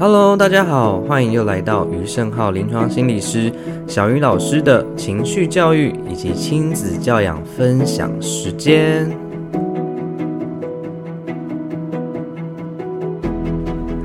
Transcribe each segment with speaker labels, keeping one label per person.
Speaker 1: Hello，大家好，歡迎又來到余勝皓臨床心理師小魚老師的情緒教育以及親子教養分享時間。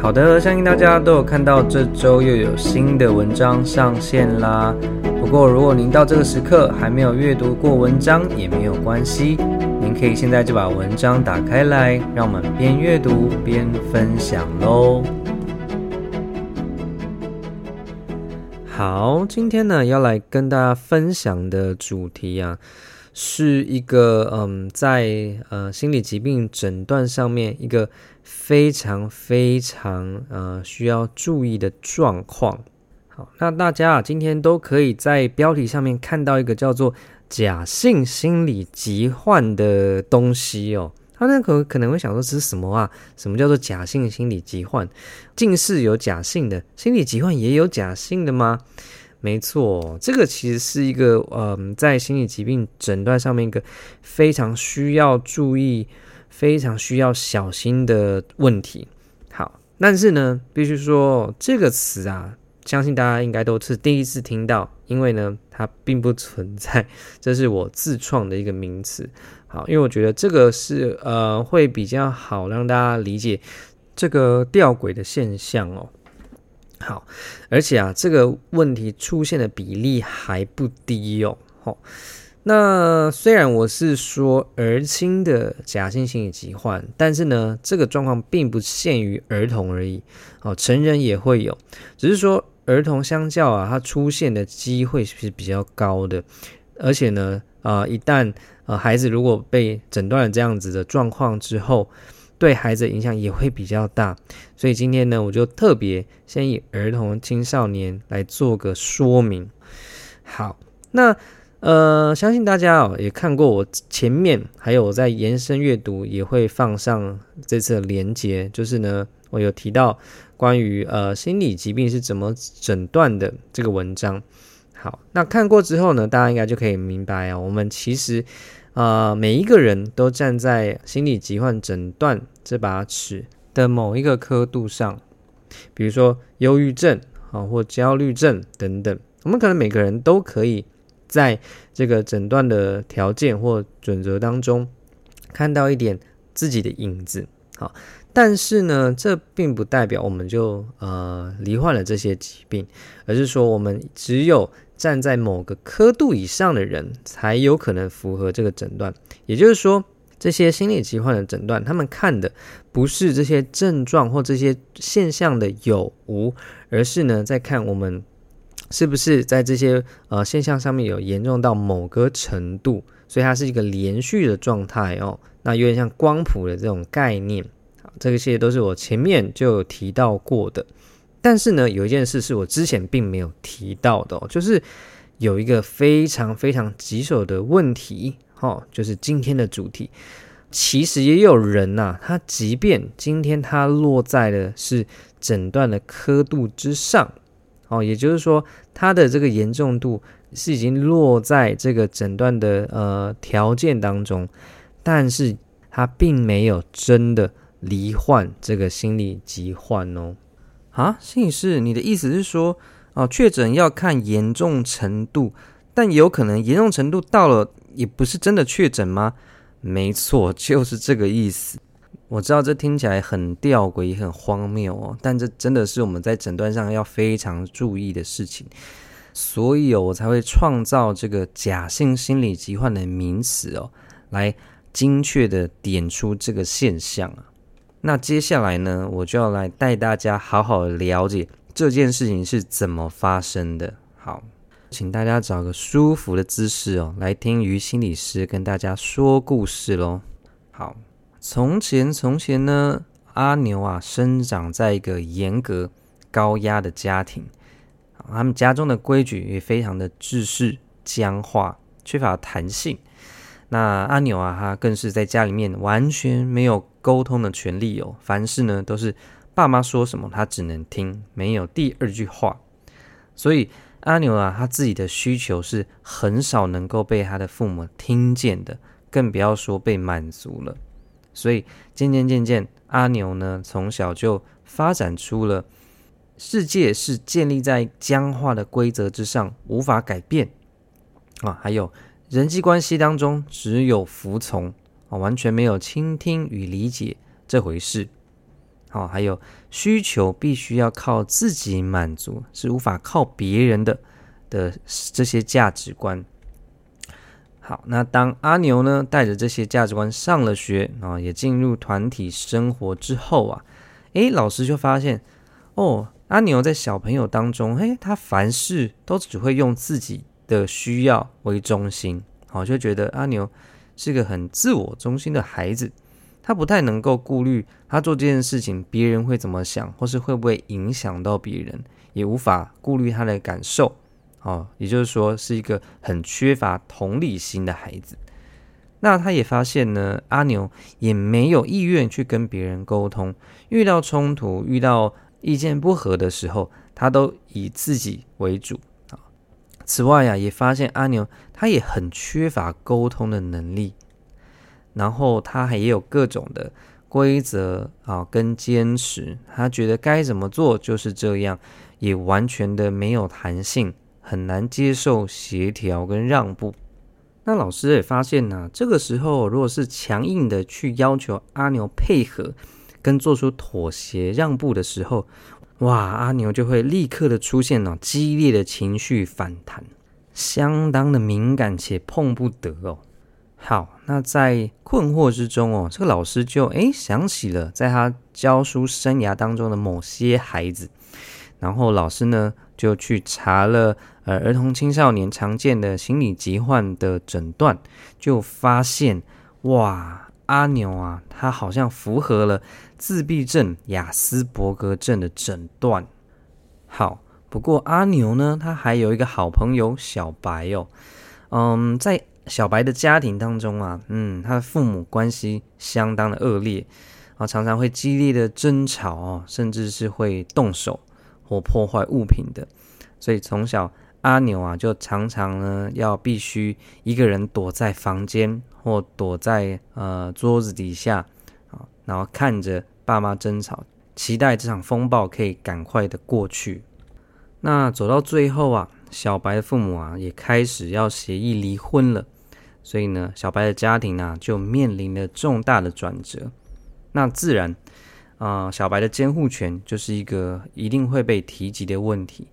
Speaker 1: 好的，相信大家都有看到這週又有新的文章上線啦。不過如果您到這個時刻還沒有閱讀過文章，也沒有關係，您可以現在就把文章打開來，讓我們邊閱讀邊分享嘍。好，今天呢要來跟大家分享的主題啊，是一個嗯，在呃心理疾病診斷上面一個非常非常呃需要注意的狀況。好，那大家啊今天都可以在標題上面看到一個叫做假性心理疾患的東西哦。他、啊、那可可能會想說這是什麼啊？什麼叫做假性心理疾患？近視有假性的，心理疾患也有假性的嗎？沒錯，這個其實是一個，嗯、呃，在心理疾病診斷上面一個非常需要注意、非常需要小心的問題。好，但是呢，必須說這個詞啊，相信大家應該都是第一次聽到，因為呢，它並不存在，這是我自創的一個名詞。好，因為我覺得這個是呃，會比較好讓大家理解這個吊詭的現象哦。好，而且啊，這個問題出現的比例還不低哦。好、哦，那雖然我是說兒青的假性心理疾患，但是呢，這個狀況並不限於兒童而已哦，成人也會有，只是說兒童相較啊，它出現的機會是比較高的，而且呢，啊、呃，一旦呃，孩子如果被診斷了這樣子的狀況之後，對孩子影響也會比較大，所以今天呢，我就特別先以兒童青少年來做個說明。好，那呃，相信大家哦也看過我前面，還有我在延伸閱讀也會放上這次的連結，就是呢，我有提到關於呃心理疾病是怎麼診斷的這個文章。好，那看過之後呢，大家應該就可以明白啊、哦，我們其實，啊、呃，每一個人都站在心理疾患診斷這把尺的某一個刻度上，比如說憂鬱症啊、哦、或焦慮症等等，我們可能每個人都可以在這個診斷的條件或準則當中看到一點自己的影子，好，但是呢，這並不代表我們就呃罹患了這些疾病，而是說我們只有。站在某個刻度以上的人才有可能符合這個診斷，也就是說，這些心理疾患的診斷，他們看的不是這些症狀或這些現象的有無，而是呢，在看我們是不是在這些呃現象上面有嚴重到某個程度，所以它是一個連續的狀態哦。那有點像光譜的這種概念，好，這些都是我前面就有提到過的。但是呢，有一件事是我之前並沒有提到的、哦，就是有一個非常非常棘手的問題，哦，就是今天的主題，其實也有人吶、啊，他即便今天他落在的是診斷的刻度之上，哦，也就是說，他的這個嚴重度是已經落在這個診斷的呃條件當中，但是他並沒有真的罹患這個心理疾患哦。啊，心理師你的意思是說，哦，確診要看嚴重程度，但有可能嚴重程度到了，也不是真的確診嗎？沒錯，就是這個意思。我知道這聽起來很吊詭，也很荒謬哦，但這真的是我們在診斷上要非常注意的事情，所以哦，我才會創造這個假性心理疾患的名詞哦，來精確的點出這個現象啊。那接下來呢，我就要來帶大家好好了解這件事情是怎麼發生的。好，請大家找個舒服的姿勢哦，來聽余心理師跟大家說故事嘍。好，從前從前呢，阿牛啊，生長在一個嚴格高壓的家庭，他們家中的規矩也非常的制式僵化，缺乏彈性。那阿牛啊，他更是在家裡面完全沒有溝通的權利哦。凡事呢都是爸媽說什麼，他只能聽，沒有第二句話。所以阿牛啊，他自己的需求是很少能夠被他的父母聽見的，更不要說被滿足了。所以漸漸漸漸，阿牛呢從小就發展出了世界是建立在僵化的規則之上，無法改變啊，還有。人際關係當中只有服從啊，完全沒有傾聽與理解這回事。好，還有需求必須要靠自己滿足，是無法靠別人的的這些價值觀。好，那當阿牛呢帶着這些價值觀上了學啊，也進入團體生活之後啊，誒，老師就發現哦，阿牛在小朋友當中，誒，他凡事都只會用自己。的需要為中心，好，就覺得阿牛是個很自我中心的孩子，他不太能夠顧慮他做這件事情別人會怎麼想，或是會不會影響到別人，也無法顧慮他的感受，哦，也就是說是一個很缺乏同理心的孩子。那他也發現呢，阿牛也沒有意願去跟別人溝通，遇到衝突、遇到意見不合的時候，他都以自己為主。此外呀、啊，也發現阿牛他也很缺乏溝通的能力，然後他還也有各種的規則啊跟堅持，他覺得該怎麼做就是這樣，也完全的沒有彈性，很難接受協調跟讓步。那老師也發現呢、啊，這個時候如果是強硬的去要求阿牛配合跟做出妥協讓步的時候。哇，阿牛就會立刻的出現了激烈的情緒反彈，相當的敏感且碰不得哦。好，那在困惑之中哦，這個老師就誒想起了在他教書生涯當中的某些孩子，然後老師呢就去查了呃兒童青少年常見的心理疾患的診斷，就發現哇。阿牛啊，他好像符合了自閉症、亞斯伯格症的診斷。好，不過阿牛呢，他還有一個好朋友小白哦。嗯，在小白的家庭當中啊，嗯，他的父母關係相當的惡劣啊，常常會激烈的爭吵哦、啊，甚至是會動手或破壞物品的。所以從小阿牛啊，就常常呢要必須一個人躲在房間。或躲在呃桌子底下啊，然後看着爸媽爭吵，期待這場風暴可以趕快的過去。那走到最後啊，小白的父母啊也開始要協議離婚了，所以呢，小白的家庭呢啊就面臨了重大的轉折。那自然啊呃，小白的監護權就是一個一定會被提及的問題。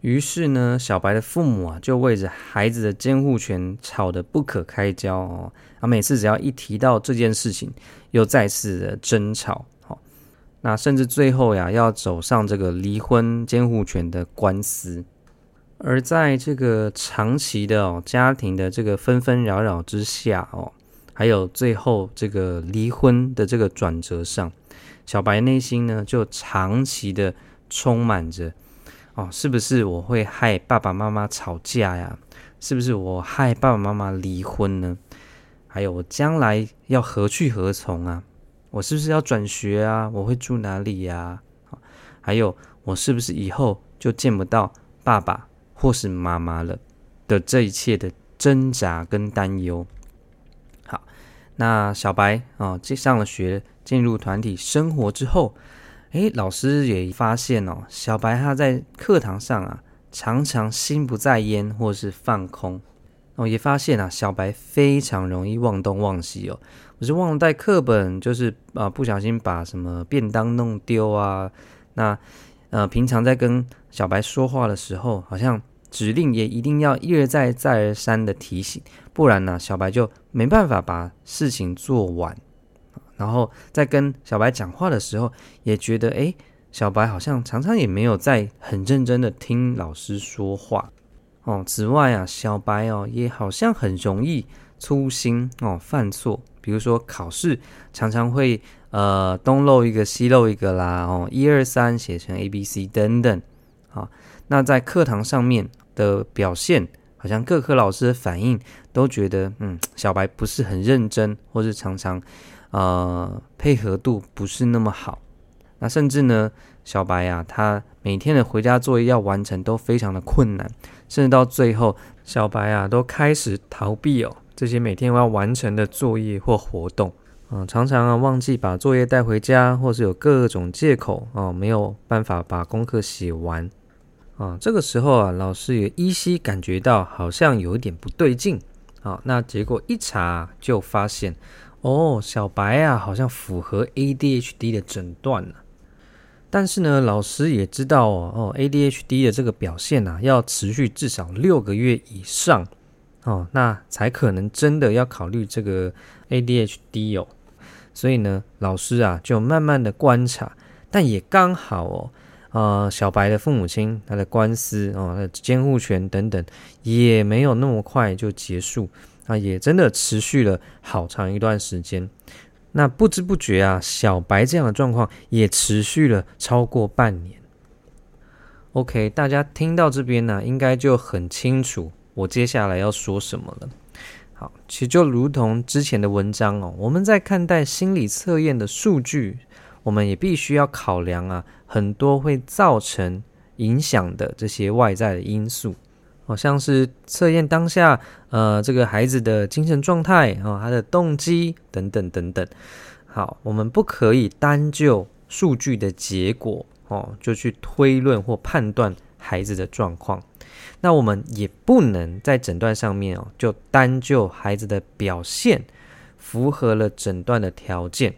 Speaker 1: 於是呢，小白的父母啊，就為着孩子的監護權吵得不可開交哦。啊，每次只要一提到這件事情，又再次的爭吵。那甚至最後呀，要走上這個離婚監護權的官司。而在這個長期的哦，家庭的這個紛紛擾擾之下哦，還有最後這個離婚的這個轉折上，小白內心呢，就長期的充滿着。哦，是不是我會害爸爸媽媽吵架呀？是不是我害爸爸媽媽離婚呢？還有我將來要何去何從啊？我是不是要轉學啊？我會住哪裡呀？還有我是不是以後就見不到爸爸或是媽媽了？的這一切的掙扎跟擔憂。好，那小白哦，這上了學，進入團體生活之後，誒，老師也發現哦，小白他在課堂上啊，常常心不在焉或是放空。哦，也發現啊，小白非常容易忘東忘西哦，不是忘了帶課本，就是啊、呃、不小心把什麼便當弄丟啊。那呃，平常在跟小白說話的時候，好像指令也一定要一而再再而三的提醒，不然呢、啊，小白就沒辦法把事情做完。然後在跟小白講話的時候，也覺得欸，小白好像常常也沒有在很認真的聽老師說話哦。此外啊，小白哦也好像很容易粗心哦，犯錯，比如說考試常常會呃東漏一個西漏一個啦哦，一二三寫成 A B C 等等。好，哦，那在課堂上面的表現，好像各科老師的反應都覺得嗯，小白不是很認真，或是常常。呃，配合度不是那麼好，那甚至呢，小白呀、啊，他每天的回家作業要完成都非常的困難，甚至到最後，小白啊，都開始逃避哦，這些每天我要完成的作業或活動，嗯、呃，常常啊忘記把作業帶回家，或是有各種借口啊、呃，沒有辦法把功課寫完啊、呃。這個時候啊，老師也依稀感覺到好像有一點不對勁，好、呃，那結果一查就發現。哦，小白啊，好像符合 ADHD 的診斷呢。但是呢，老師也知道哦，哦，ADHD 的這個表現啊，要持續至少六個月以上哦，那才可能真的要考慮這個 ADHD 哦。所以呢，老師啊，就慢慢的觀察，但也剛好哦，啊、呃，小白的父母親他的官司哦，他的監護權等等，也沒有那麼快就結束。那、啊、也真的持續了好長一段時間，那不知不覺啊，小白這樣的狀況也持續了超過半年。OK，大家聽到這邊呢、啊，應該就很清楚我接下來要說什麼了。好，其實就如同之前的文章哦，我們在看待心理測驗的數據，我們也必須要考量啊，很多會造成影響的這些外在的因素。好，像是測驗當下，呃，這個孩子的精神狀態哦，他的動機等等等等。好，我們不可以單就數據的結果哦，就去推論或判斷孩子的狀況。那我們也不能在診斷上面哦，就單就孩子的表現符合了診斷的條件，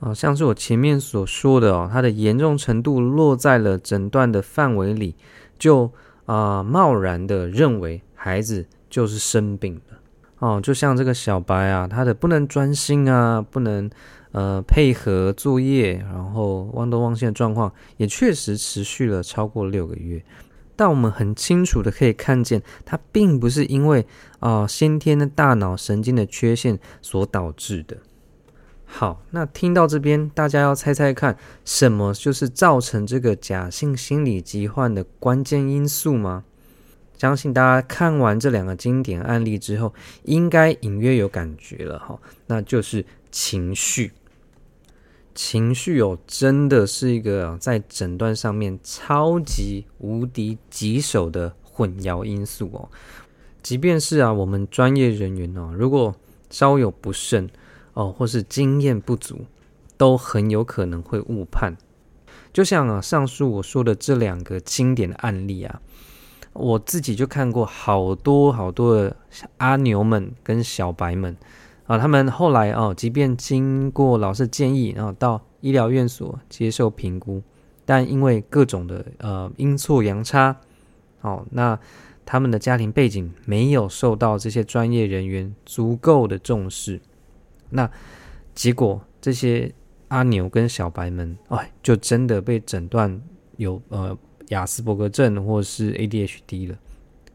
Speaker 1: 哦，像是我前面所說的哦，他的嚴重程度落在了診斷的範圍裡，就。啊、呃，貿然的認為孩子就是生病了哦，就像這個小白啊，他的不能專心啊，不能呃配合作業，然後忘東忘西的狀況，也確實持續了超過六個月。但我們很清楚的可以看見，他並不是因為啊、呃、先天的大腦神經的缺陷所導致的。好，那聽到這邊，大家要猜猜看，什麼就是造成這個假性心理疾患的關鍵因素嗎？相信大家看完這兩個經典案例之後，應該隱約有感覺了。那就是情緒，情緒哦，真的是一個在診斷上面超級無敵棘手的混淆因素哦。即便是啊，我們專業人員哦、啊，如果稍有不慎。哦，或是經驗不足，都很有可能會誤判。就像啊，上述我說的這兩個經典的案例啊，我自己就看過好多好多的阿牛們跟小白們啊，他們後來啊，即便經過老師建議，啊，到醫療院所接受評估，但因為各種的呃陰錯陽差，哦，那他們的家庭背景沒有受到這些專業人員足夠的重視。那結果，這些阿牛跟小白們，哎，就真的被診斷有呃，亞斯伯格症或是 ADHD 了。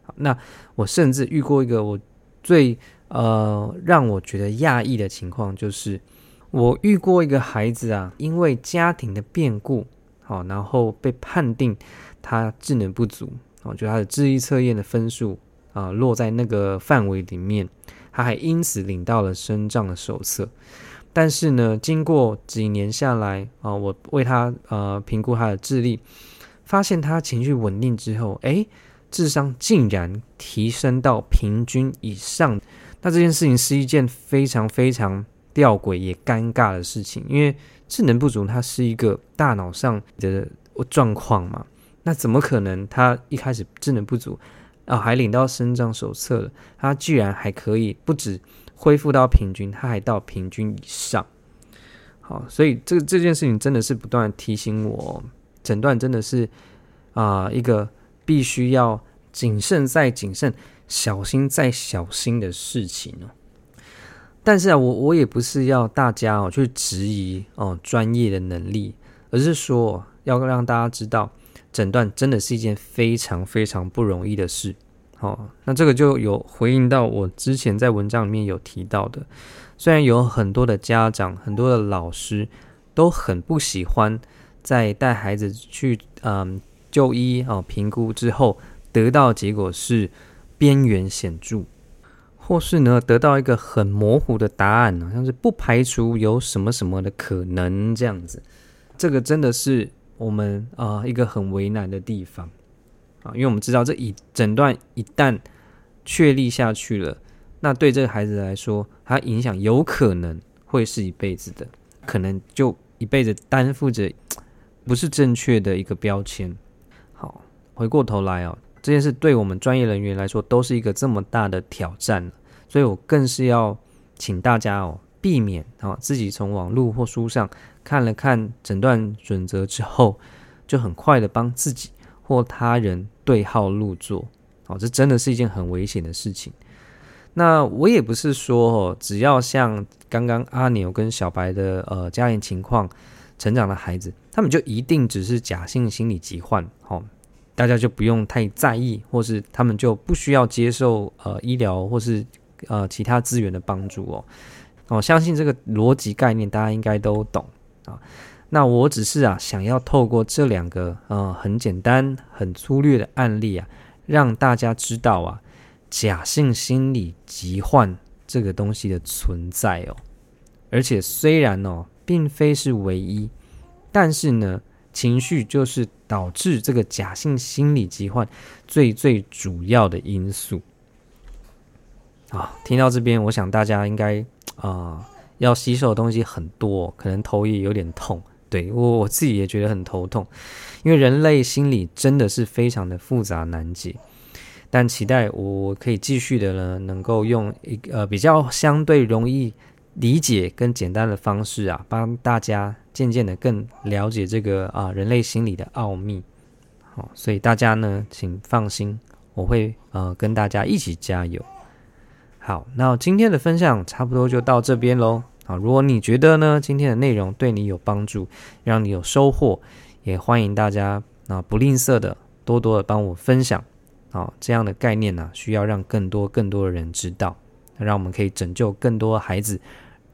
Speaker 1: 好，那我甚至遇過一個我最呃讓我覺得訝異的情況，就是我遇過一個孩子啊，因為家庭的變故，好，然後被判定他智能不足，哦，就他的智力測驗的分數。啊、呃，落在那個範圍裡面，他還因此領到了身障的手冊。但是呢，經過幾年下來啊、呃，我為他呃評估他的智力，發現他情緒穩定之後，誒，智商竟然提升到平均以上。那這件事情是一件非常非常吊詭也尷尬的事情，因為智能不足，它是一個大腦上的狀況嘛，那怎麼可能，他一開始智能不足。啊，還領到生長手冊了，他居然還可以不止恢復到平均，他還到平均以上。好，所以這個這件事情真的是不斷提醒我，診斷真的是啊、呃、一個必須要謹慎再謹慎、小心再小心的事情哦。但是啊，我我也不是要大家哦去質疑哦呃、專業的能力，而是說要讓大家知道。診斷真的是一件非常非常不容易的事。哦，那這個就有回應到我之前在文章裡面有提到的。雖然有很多的家長、很多的老師都很不喜歡在帶孩子去嗯就醫哦評估之後得到結果是邊緣顯著，或是呢得到一個很模糊的答案，像是不排除有什麼什麼的可能這樣子。這個真的是。我們啊、呃，一個很為難的地方啊，因為我們知道這一診斷一旦確立下去了，那對這個孩子來說，他影響有可能會是一輩子的，可能就一輩子擔負着不是正確的一個標籤。好，回過頭來哦、啊，這件事對我們專業人員來說都是一個這麼大的挑戰，所以我更是要請大家哦，避免啊自己從網絡或書上。看了看診斷準則之後，就很快的幫自己或他人對號入座哦，這真的是一件很危險的事情。那我也不是說哦，只要像剛剛阿牛跟小白的呃家庭情況成長的孩子，他們就一定只是假性心理疾患哦，大家就不用太在意，或是他們就不需要接受呃醫療或是呃其他資源的幫助哦。我，哦，相信這個邏輯概念大家應該都懂。那我只是啊，想要透過這兩個啊、呃，很簡單、很粗略的案例啊，讓大家知道啊，假性心理疾患這個東西的存在哦。而且雖然哦，並非是唯一，但是呢，情緒就是導致這個假性心理疾患最最主要的因素。啊，聽到這邊，我想大家應該啊，呃要吸收的東西很多，可能頭也有點痛。對，我，我自己也覺得很頭痛，因為人類心理真的是非常的複雜難解。但期待我可以繼續的呢，能夠用一個呃比較相對容易理解跟簡單的方式啊，幫大家漸漸的更了解這個啊、呃、人類心理的奧秘。好，所以大家呢，請放心，我會呃跟大家一起加油。好，那今天的分享差不多就到這邊嘍。啊，如果你覺得呢，今天的內容對你有幫助，讓你有收穫，也歡迎大家啊，不吝嗇的多多的幫我分享啊，哦，這樣的概念呢，啊，需要讓更多更多的人知道，讓我們可以拯救更多的孩子，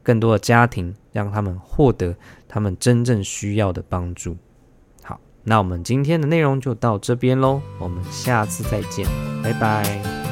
Speaker 1: 更多的家庭，讓他們獲得他們真正需要的幫助。好，那我們今天的內容就到這邊嘍，我們下次再見，拜拜。